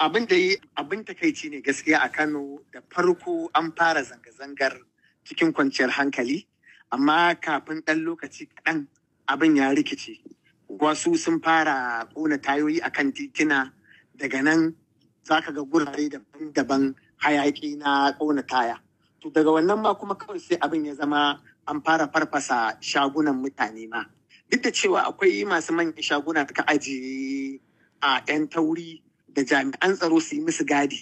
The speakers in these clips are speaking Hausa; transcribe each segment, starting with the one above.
abin da abin takaici ne gaskiya a Kano da farko an fara zanga-zangar cikin kwanciyar hankali amma kafin ɗan lokaci kaɗan abin ya rikice wasu sun fara ƙona tayoyi akan titina daga nan za ka ga gurare daban-daban hayaƙi na ƙona taya to daga wannan ma kuma kawai sai abin ya zama an fara farfasa shagunan mutane ma duk da cewa akwai masu manyan shaguna da ka ajiye a 'yan tauri da jami'an tsaro su yi musu gadi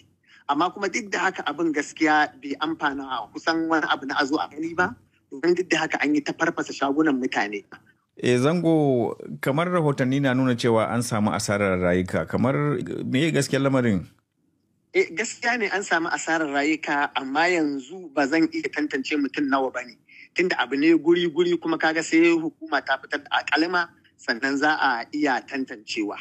amma kuma duk da haka abin gaskiya bai amfana kusan wani abu na azo a gani ba domin duk da haka an yi ta farfasa shagunan mutane E zango kamar rahotanni na nuna cewa an samu asarar rayuka kamar me gaskiyar lamarin? E gaskiya ne an samu asarar rayuka amma yanzu ba zan iya tantance mutum nawa ba ne. Tunda abu ne guri-guri kuma kaga sai hukuma ta fitar da akalma sannan za a iya tantancewa.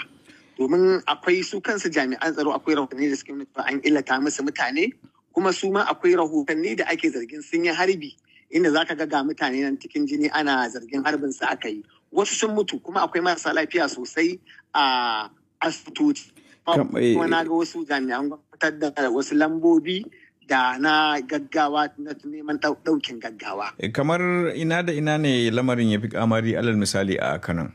domin akwai su kansu jami'an tsaro akwai rahotanni da suke nuna an illata musu mutane kuma su ma akwai rahotanni da ake zargin sun yi harbi inda zaka ga ga mutane nan cikin jini ana zargin harbin su aka yi wasu sun mutu kuma akwai marasa lafiya sosai a asibitoci eh, kuma na ga wasu jami'an gwamnati, da wasu lambobi da na gaggawa na neman daukin gaggawa eh, kamar ina da ina ne lamarin ya fi kamari alal misali a kanan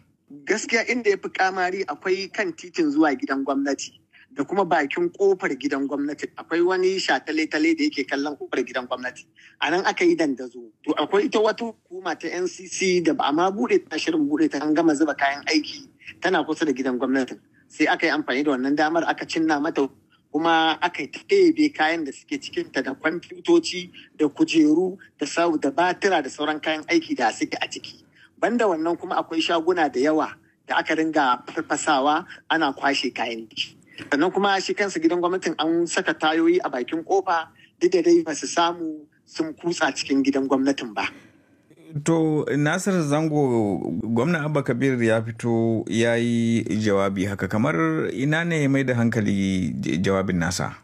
gaskiya inda ya fi kamari akwai kan titin zuwa gidan gwamnati da kuma bakin kofar gidan gwamnati akwai wani shatale-tale da yake kallon kofar gidan gwamnati a nan aka yi dandazo to akwai ita wata hukuma ta ncc da ba ma bude ta shirin bude ta gama zuba kayan aiki tana kusa da gidan gwamnati. sai aka yi amfani da wannan damar aka cinna mata kuma aka ɗebe kayan da suke cikin ta da kwamfutoci da kujeru da sau da batira da sauran kayan aiki da suke a ciki banda wannan kuma akwai shaguna da yawa da aka ringa farfasawa ana kwashe kayan biki. Sannan kuma shi kansa gidan gwamnatin an saka tayoyi a bakin kofa duk da dai ba su samu sun kutsa cikin gidan gwamnatin ba. To Nasir Zango gwamna Abba Kabir ya fito ya yi jawabi haka kamar ina ne mai da hankali jawabin nasa?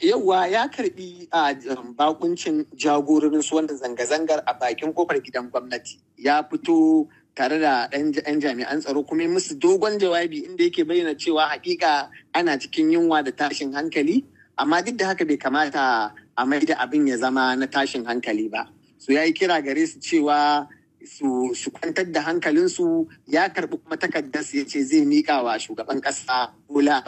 Yawwa ya karbi a bakuncin jagororinsu wanda zanga-zangar a bakin kofar gidan gwamnati ya fito tare da 'yan jami'an tsaro kuma musu dogon jawabi inda yake bayyana cewa hakika ana cikin yunwa da tashin hankali amma duk da haka bai kamata a mai da abin ya zama na tashin hankali ba su ya kira gare su cewa su kwantar da hankalinsu ya karbi kuma takardar su yace zai miƙa wa shugaban ƙasa bola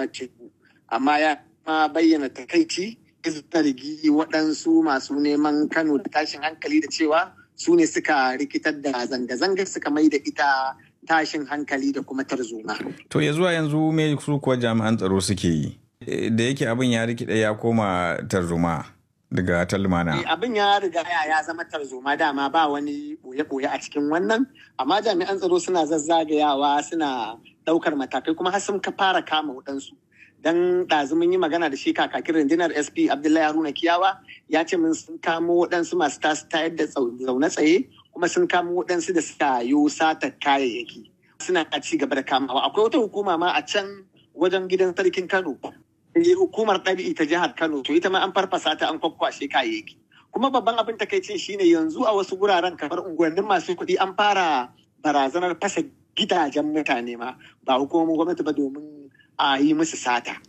amma ya ma bayyana takaici zargi waɗansu masu neman kano da tashin hankali da cewa su ne suka rikitar da zanga-zangar suka mai da ita tashin hankali da kuma tarzoma. To ya zuwa yanzu me su kuwa jami'an tsaro suke yi? Da yake abin ya rikida ya koma tarzoma daga talmana. Eh, abin ya riga ya zama tarzoma dama ba wani boye-boye a cikin wannan, amma jami'an tsaro suna zazzagayawa suna ɗaukar matakai kuma har sun ka fara kama waɗansu. dan ɗazu mun yi magana da shi kakakin rundunar sp abdullahi haruna kiyawa ya ce mun sun kamo waɗansu masu tasu ta yadda zaune tsaye kuma sun kamo waɗansu da suka yi sata kayayyaki suna a ci gaba da kamawa akwai wata hukuma ma a can wajen gidan sarkin kano eh, hukumar ɗabi'i ta jihar kano to ita ma an farfasa ta an kwakwashe kayayyaki kuma babban abin takaicin shine yanzu a wasu guraren kamar unguwannin masu kuɗi an fara barazanar fasa gidajen mutane ma ba hukumomin gwamnati ba domin a yi musu sata